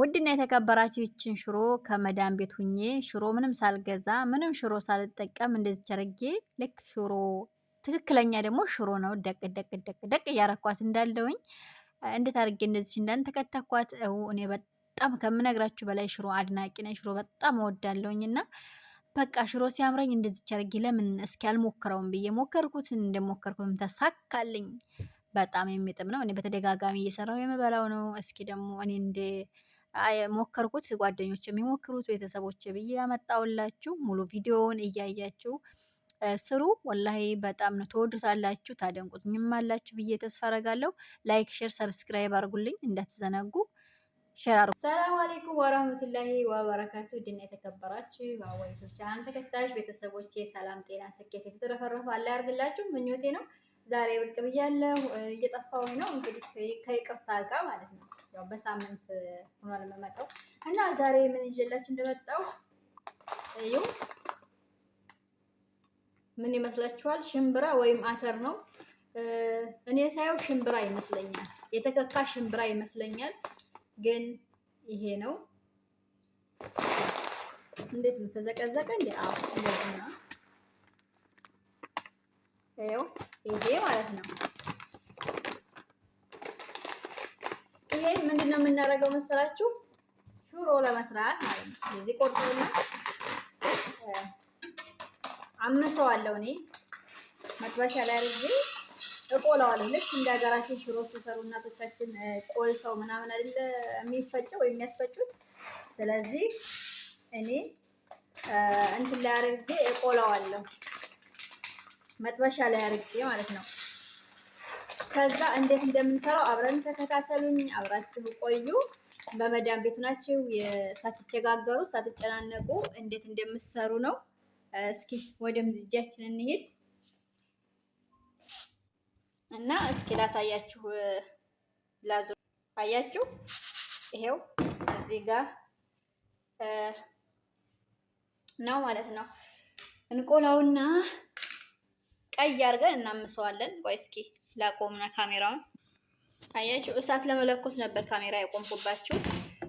ውድና የተከበራችሁ ይችን ሽሮ ከመዳን ቤት ሁኜ ሽሮ ምንም ሳልገዛ ምንም ሽሮ ሳልጠቀም እንደዚህ ቸርጌ ልክ ሽሮ ትክክለኛ ደግሞ ሽሮ ነው። ደቅ ደቅ ደቅ ደቅ እያረኳት እንዳለውኝ እንዴት አድርጌ እንደዚህ እንዳን ተከተኳት። እኔ በጣም ከምነግራችሁ በላይ ሽሮ አድናቂ ነኝ። ሽሮ በጣም እወዳለውኝ እና በቃ ሽሮ ሲያምረኝ እንደዚች ቸርጌ ለምን እስኪ አልሞክረውም ብዬ ሞከርኩት። እንደሞከርኩም ተሳካልኝ። በጣም የሚጥም ነው። እኔ በተደጋጋሚ እየሰራው የምበላው ነው። እስኪ ደግሞ እኔ እንደ ሞከርኩት፣ ጓደኞች የሚሞክሩት ቤተሰቦች ብዬ ያመጣውላችሁ ሙሉ ቪዲዮውን እያያችሁ ስሩ። ወላሂ በጣም ነው ትወዱታላችሁ፣ ታደንቁትኝም አላችሁ ብዬ ተስፋ አረጋለሁ። ላይክ፣ ሼር፣ ሰብስክራይብ አርጉልኝ እንዳትዘነጉ። ሸራሩ ሰላም አለይኩም ወራህመቱላሂ ወበረካቱ። ድና የተከበራችሁ አወይቶች ቻናል ተከታዮች ቤተሰቦቼ ሰላም፣ ጤና፣ ስኬት የተተረፈረፈ አለ ያርግላችሁ ምኞቴ ነው። ዛሬ ብቅ ብያለሁ። እየጠፋሁኝ ነው እንግዲህ ከይቅርታ ጋር ማለት ነው። ያው በሳምንት ሆኖ የምመጣው እና ዛሬ ምን ይዤላችሁ እንደመጣው እዩ። ምን ይመስላችኋል? ሽምብራ ወይም አተር ነው። እኔ ሳየው ሽምብራ ይመስለኛል፣ የተከካ ሽምብራ ይመስለኛል። ግን ይሄ ነው። እንዴት ነው ተዘቀዘቀ እንዴ? አዎ እንደዚህ ነው። ይሄው ይሄ ማለት ነው። ይሄ ምንድን ነው የምናደርገው መሰላችሁ? ሹሮ ለመስራት ማለት ነው። እዚህ ቆርጦና አምሰዋለሁ እኔ መጥበሻ ላይ አድርጌ እቆላዋለሁ። ልክ እንደ ሀገራችን ሽሮ ሲሰሩ እናቶቻችን ቆልተው ምናምን አይደለ የሚፈጨው ወይም የሚያስፈጩት። ስለዚህ እኔ እንትን ላይ አድርጌ እቆላዋለሁ። መጥበሻ ላይ አድርጌ ማለት ነው። ከዛ እንዴት እንደምንሰራው አብረን ተከታተሉኝ፣ አብራችሁ ቆዩ። በመዳን ቤት ናችሁ፣ ሳትቸጋገሩ ሳትጨናነቁ እንዴት እንደምትሰሩ ነው። እስኪ ወደ ምድጃችን እንሄድ እና እስኪ ላሳያችሁ። ላዙ አያችሁ፣ ይሄው እዚህ ጋር ነው ማለት ነው እንቆላውና ቀይ አድርገን እናምሰዋለን። ቆይ እስኪ ላቆምና ካሜራውን አያችሁ፣ እሳት ለመለኮስ ነበር ካሜራ የቆምኩባችሁ።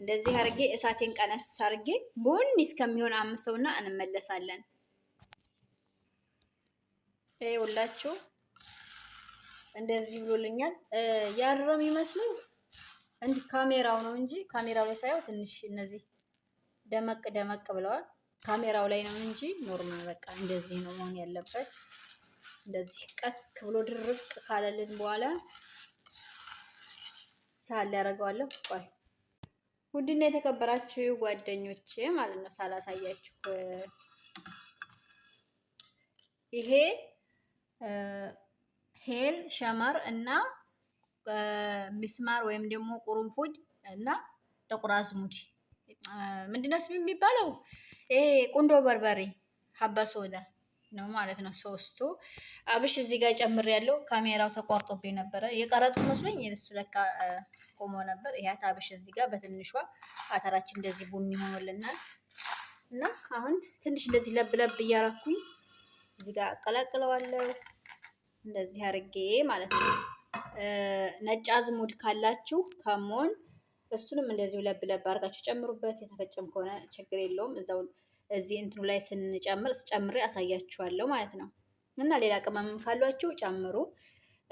እንደዚህ አድርጌ እሳቴን ቀነስ አድርጌ ቡኒ እስከሚሆን አምሰውና እንመለሳለን። ይኸውላችሁ እንደዚህ ብሎልኛል። ያረም ይመስሉ እንዲ ካሜራው ነው እንጂ ካሜራው ላይ ሳይሆን ትንሽ እነዚህ ደመቅ ደመቅ ብለዋል። ካሜራው ላይ ነው እንጂ ኖርማል በቃ እንደዚህ ነው መሆን ያለበት። እንደዚህ ቀጥ ብሎ ድርቅ ካለልን በኋላ ሳል ያደርገዋለሁ። ቆይ ውድና የተከበራችሁ ጓደኞቼ ማለት ነው ሳላሳያችሁ ይሄ ሄል ሸመር እና ሚስማር ወይም ደግሞ ቁርንፉድ እና ጥቁር አዝሙድ ምንድነው ስም የሚባለው? ይሄ ቁንዶ በርበሬ ሀባ ሶዳ ነው ማለት ነው። ሶስቱ አብሽ እዚህ ጋር ጨምር ያለው ካሜራው ተቋርጦብኝ ነበረ የቀረጡ መስሎኝ እሱ ለካ ቆሞ ነበር። ይሄ አብሽ እዚህ ጋር በትንሿ አተራችን እንደዚህ ቡኒ ሆኖልናል እና አሁን ትንሽ እንደዚህ ለብ ለብ እያረኩኝ እዚህ ጋር አቀላቅለዋለሁ እንደዚህ አርጌ ማለት ነው። ነጭ አዝሙድ ካላችሁ ከሞን እሱንም እንደዚሁ ለብ ለብ አርጋችሁ ጨምሩበት። የተፈጨም ከሆነ ችግር የለውም እዛው እዚህ እንትኑ ላይ ስንጨምር ስጨምሬ አሳያችኋለሁ ማለት ነው። እና ሌላ ቅመም ካሏችሁ ጨምሩ።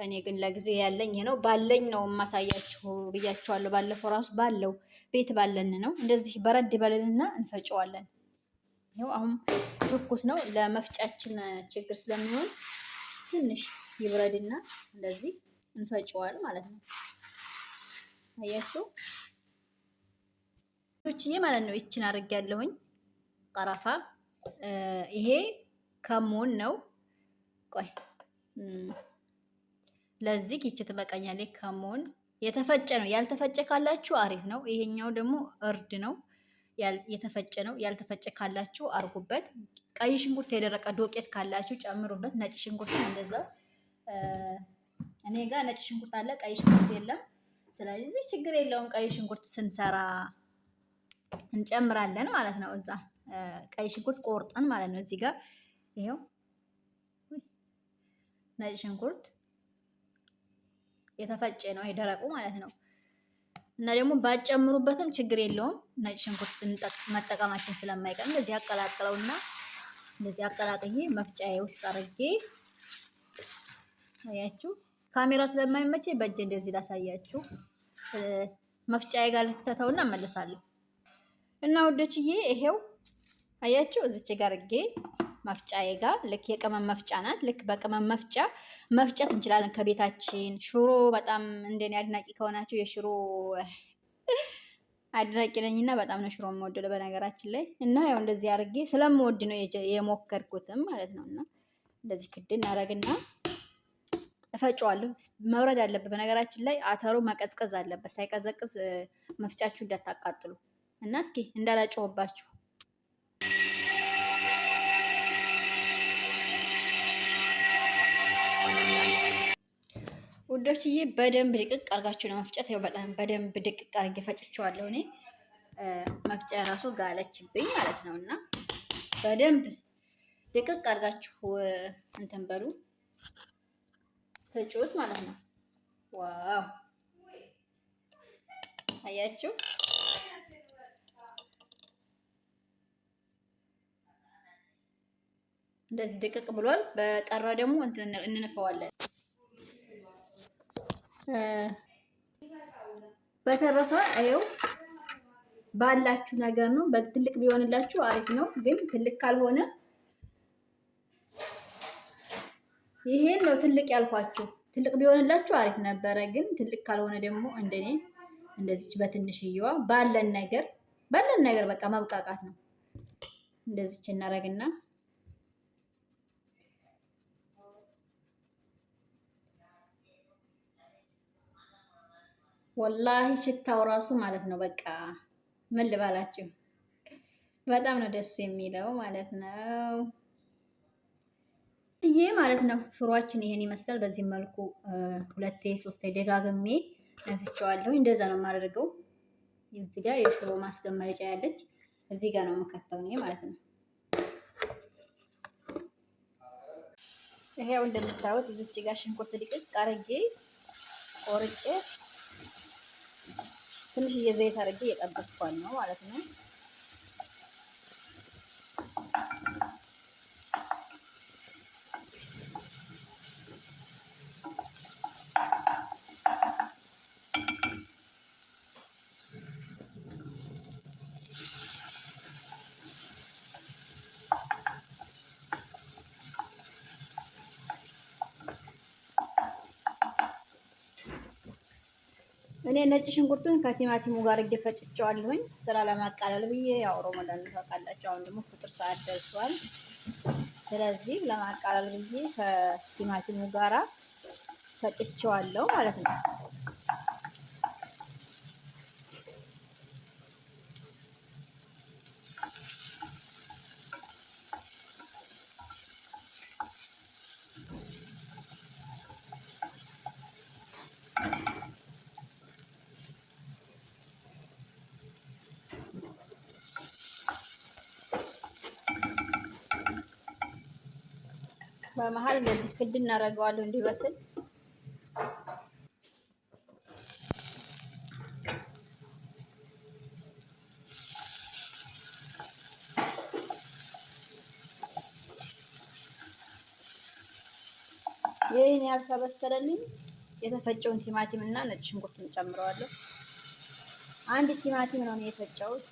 እኔ ግን ለጊዜው ያለኝ ይሄ ነው። ባለኝ ነው የማሳያችሁ ብያችኋለሁ። ባለፈው ራሱ ባለው ቤት ባለን ነው እንደዚህ በረድ በለንና እንፈጨዋለን። ይኸው አሁን ትኩስ ነው። ለመፍጫችን ችግር ስለሚሆን ትንሽ ይብረድና እንደዚህ እንፈጨዋል ማለት ነው። አያችሁ ይህ ማለት ነው። ይችን አድርጌያለሁኝ። ቀረፋ ይሄ ከሞን ነው። ቆይ ለዚህ ይቺ ትበቃኛለች። ከሞን የተፈጨ ነው። ያልተፈጨ ካላችሁ አሪፍ ነው። ይሄኛው ደግሞ እርድ ነው። የተፈጨ ነው። ያልተፈጨ ካላችሁ አርጉበት። ቀይ ሽንኩርት የደረቀ ዶቄት ካላችሁ ጨምሩበት። ነጭ ሽንኩርት እንደዛ። እኔ ጋር ነጭ ሽንኩርት አለ፣ ቀይ ሽንኩርት የለም። ስለዚህ ችግር የለውም። ቀይ ሽንኩርት ስንሰራ እንጨምራለን ማለት ነው እዛ ቀይ ሽንኩርት ቆርጠን ማለት ነው። እዚህ ጋር ይኸው ነጭ ሽንኩርት የተፈጨ ነው የደረቁ ማለት ነው። እና ደግሞ ባጨምሩበትም ችግር የለውም። ነጭ ሽንኩርት መጠቀማችን ስለማይቀር እንደዚህ አቀላቅለው አቀላቅለውና እንደዚህ አቀላቅዬ መፍጫዬ ውስጥ አድርጌ አያችሁ፣ ካሜራ ስለማይመቸኝ በእጅ እንደዚህ ላሳያችሁ። መፍጫዬ ጋር ልትተተውና እመልሳለሁ። እና ወዶችዬ ይሄው አያችሁ እዚች ጋር ጌ መፍጫዬ ጋ ልክ የቅመም መፍጫ ናት። ልክ በቅመም መፍጫ መፍጨት እንችላለን ከቤታችን። ሽሮ በጣም እንደኔ አድናቂ ከሆናችሁ የሽሮ አድናቂ ነኝ ነኝና በጣም ነው ሽሮ የምወደው በነገራችን ላይ እና ያው እንደዚህ አድርጌ ስለምወድ ነው የሞከርኩትም ማለት ነው። እና እንደዚህ ክድን አረግና እፈጫዋለሁ። መብረድ አለበት በነገራችን ላይ አተሩ መቀዝቀዝ አለበት። ሳይቀዘቅዝ መፍጫችሁ እንዳታቃጥሉ እና እስኪ እንዳላጨሁባችሁ ውዶችዬ በደንብ ድቅቅ አድርጋችሁ ለመፍጨት ያው በጣም በደንብ ድቅቅ አድርጌ ፈጭቼዋለሁ። እኔ መፍጫ ራሱ ጋለችብኝ ማለት ነው። እና በደንብ ድቅቅ አድርጋችሁ እንትን በሉ ፍጩት ማለት ነው። ዋው አያችሁ። እንደዚህ ድቅቅ ብሏል። በጠራ ደግሞ እንትን እንነፈዋለን። በተረፈ ይኸው ባላችሁ ነገር ነው። በዚህ ትልቅ ቢሆንላችሁ አሪፍ ነው፣ ግን ትልቅ ካልሆነ ይሄን ነው ትልቅ ያልኳችሁ። ትልቅ ቢሆንላችሁ አሪፍ ነበረ፣ ግን ትልቅ ካልሆነ ደግሞ እንደኔ እንደዚች በትንሽየዋ ባለን ነገር ባለን ነገር በቃ መብቃቃት ነው። እንደዚች እናደርግና ወላሂ ሽታው ራሱ ማለት ነው። በቃ ምን ልባላችሁ፣ በጣም ነው ደስ የሚለው ማለት ነው ይሄ ማለት ነው። ሽሮአችን ይሄን ይመስላል። በዚህ መልኩ ሁለቴ ሶስቴ ደጋግሜ ነፍቼዋለሁ። እንደዛ ነው የማደርገው። እዚህ ጋር የሽሮ ማስገመጫ ያለች እዚህ ጋር ነው የምከተው እኔ ማለት ነው። ይሄው እንደምታዩት እዚች ጋር ሽንኩርት ድቅቅ አድርጌ ቆርጬ ትንሽዬ ዘይት አድርጌ እየጠበስኳል ነው ማለት ነው። እኔ ነጭ ሽንኩርቱን ከቲማቲሙ ጋር እየፈጭቸዋለሁኝ ስራ ለማቃለል ብዬ ያው ሮመዳን ታውቃላችሁ። አሁን ደግሞ ፍጡር ሰዓት ደርሷል። ስለዚህ ለማቃለል ብዬ ከቲማቲሙ ጋራ ፈጭቸዋለሁ ማለት ነው። በመሀል እንደዚህ ክድ እናደርገዋለሁ እንዲበስል። ይህን ያልተበሰለልኝ የተፈጨውን ቲማቲም እና ነጭ ሽንኩርት እንጨምረዋለሁ። አንድ ቲማቲም ነው የፈጨሁት።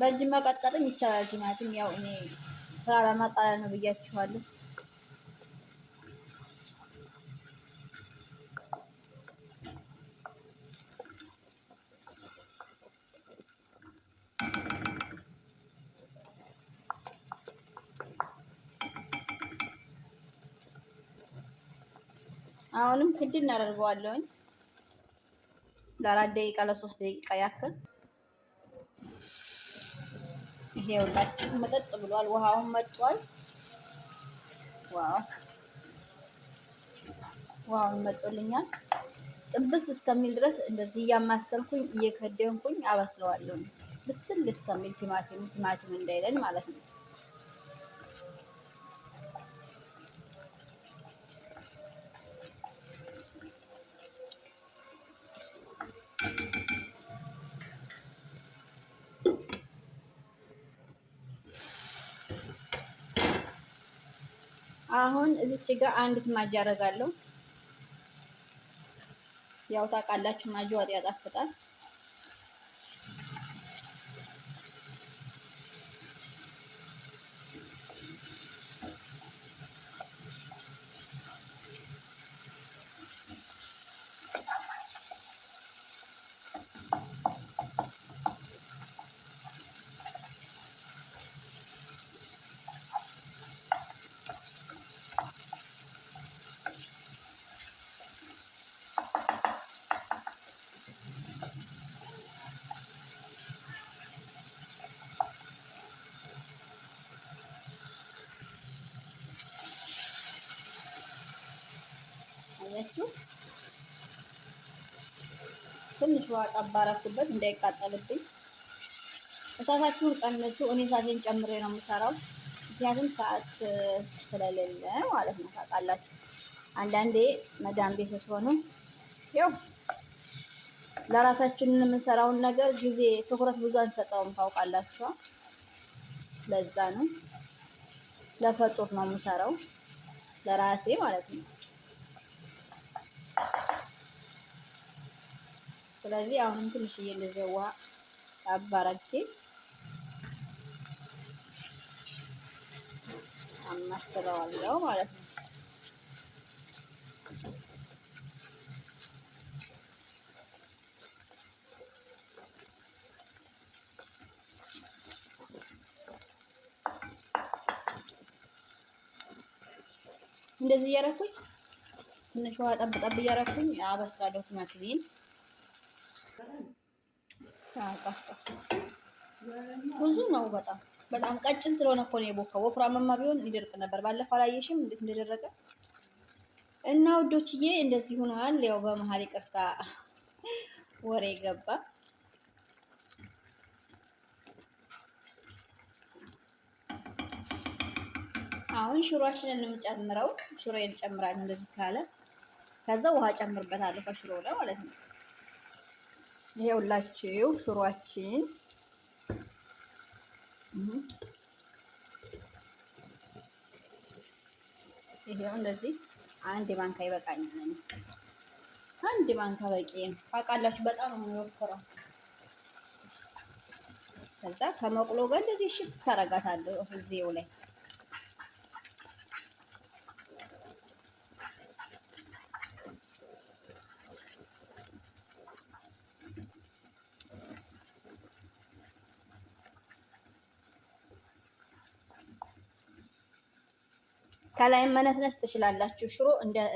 በእጅ መቀጥቀጥም ይቻላል። ቲማቲም ያው እኔ ስራ ለማጣሪያ ነው ብያችኋለሁ። አሁንም ክድን እናደርገዋለሁኝ ለአራት ደቂቃ ለሶስት ደቂቃ ያክል ይሄውላችሁ መጠጥ ብሏል። ውሃውን መጥቷል። ዋው ውሃውን መጥቶልኛል። ጥብስ እስከሚል ድረስ እንደዚህ እያማሰልኩኝ እየከደንኩኝ አበስለዋለሁ። ብስል እስከሚል ቲማቲም ቲማቲም እንዳይለን ማለት ነው። አሁን እዚች ጋር አንድ ማጅ አደርጋለሁ። ያው ታውቃላችሁ ማጅ ወጥ ያጣፍጣል። አድርጋችሁ ትንሽ ውሃ ጠብ አደረኩበት እንዳይቃጠልብኝ። እሳታችሁን ቀንሱ። እኔ እሳቴን ጨምሬ ነው የምሰራው፣ ምክንያቱም ሰዓት ስለሌለ ማለት ነው። ታውቃላችሁ አንዳንዴ መዳም ቤት ስትሆኑ ያው ለራሳችን የምንሰራውን ነገር ጊዜ ትኩረት ብዙ አንሰጠውም፣ ታውቃላችኋ። ለዛ ነው ለፈጡር ነው የምሰራው ለራሴ ማለት ነው። ስለዚህ አሁን ትንሽ እንደዚህ ውሃ አባራግቴ አማስተረዋለሁ ማለት ነው። እንደዚህ እያረኩኝ ትንሽ ውሃ ጠብ ጠብ እያረኩኝ አበስላለሁ ቲማቲሜን። ብዙ ነው በጣም በጣም ቀጭን ስለሆነ እኮ ነው የቦካ። ወፍራምማ ቢሆን ይደርቅ ነበር። ባለፈው አላየሽም እንዴት እንደደረቀ? እና ውዶችዬ እንደዚህ ሆኗል። ያው በመሀል ይቅርታ ወሬ ገባ። አሁን ሽሮአችንን እንጨምረው። ሽሮዬን እንጨምራለን እንደዚህ ካለ ከዛ ውሃ ጨምርበታለሁ ከሽሮ ላይ ማለት ነው። ይሄውላችሁ ሽሯችን ይሄው እንደዚህ አንድ ማንካ ይበቃኛል። አንድ ማንካ በቂ ነው። ታውቃላችሁ በጣም ነው የሚወፍረው። ከዛ ከመቁሎ ጋር እንደዚህ ሽት ታረጋታለሁ እዚው ላይ ከላይ መነስነስ ትችላላችሁ። ሽሮ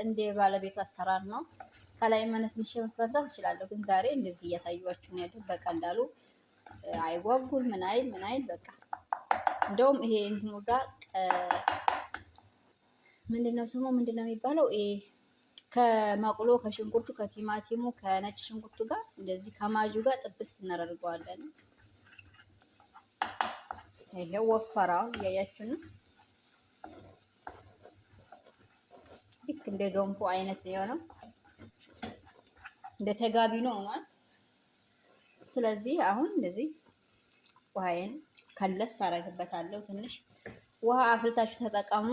እንደ ባለቤቱ አሰራር ነው። ከላይ መነስነስ መስራት ትችላለሁ፣ ግን ዛሬ እንደዚህ እያሳየኋችሁ ነው ያለው። በቃ እንዳሉ አይጓጉል ምን አይል ምን አይል በቃ እንደውም ይሄ እንትኑ ጋር ምንድነው ስሙ ምንድነው የሚባለው? ይሄ ከመቁሎ ከሽንኩርቱ ከቲማቲሙ ከነጭ ሽንኩርቱ ጋር እንደዚህ ከማጁ ጋር ጥብስ እናደርገዋለን። ይሄ ወፈራ እያያችሁ ነው። ልክ እንደ ገንፎ አይነት ነው የሆነው። እንደ ተጋቢ ነው ማለት። ስለዚህ አሁን እንደዚህ ውሃዬን ከለስ አረግበታለሁ። ትንሽ ውሃ አፍልታችሁ ተጠቀሙ።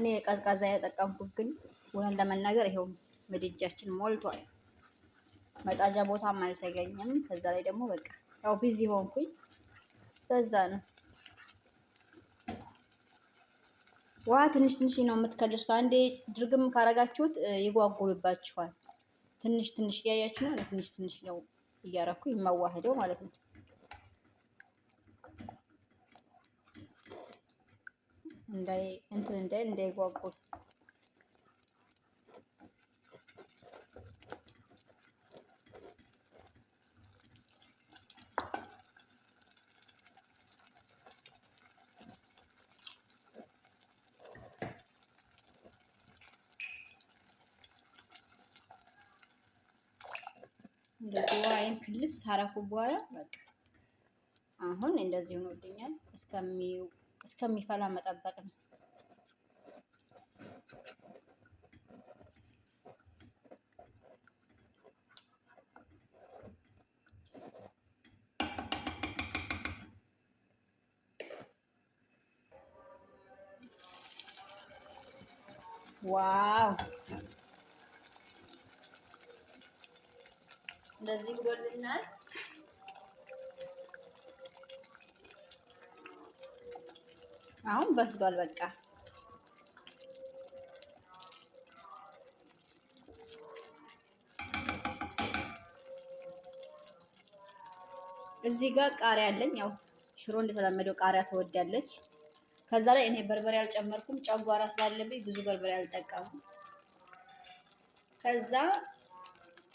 እኔ ቀዝቃዛ የጠቀምኩት ግን ውለን ለመናገር ይሄው ምድጃችን ሞልቷል። መጣጃ ቦታም አልተገኘም። ከዛ ላይ ደግሞ በቃ ያው ቢዚ ሆንኩኝ በዛ ነው። ውሃ ትንሽ ትንሽ ነው የምትከልሱት። አንዴ ድርግም ካረጋችሁት ይጓጉልባችኋል። ትንሽ ትንሽ እያያችሁ ነው። ትንሽ ትንሽ ነው እያረኩ የማዋህደው ማለት ነው። እንዳይ እንትን እንዳይ እንዳይጓጉል እንደዚህ ውሃዬን ክልስ ሳረኩ በኋላ በቃ አሁን እንደዚህ ሆኖልኛል። እስከሚፈላ መጠበቅ ነው። ዋው እንደዚህ ብሎልናል። አሁን በስሏል። በቃ እዚህ ጋር ቃሪያ አለኝ። ያው ሽሮ እንደተለመደው ቃሪያ ትወዳለች። ከዛ ላይ እኔ በርበሬ አልጨመርኩም፣ ጨጓራ ስላለብኝ ብዙ በርበሬ አልጠቀሙም። ከዛ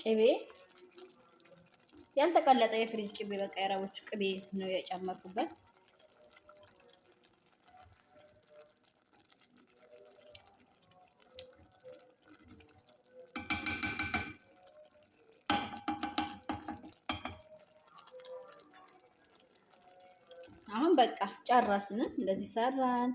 ቅቤ ያልተቀለጠ የፍሪጅ ቅቤ በቃ የአረቦቹ ቅቤ ነው የጨመርኩበት። አሁን በቃ ጨረስን። እንደዚህ ሰራን።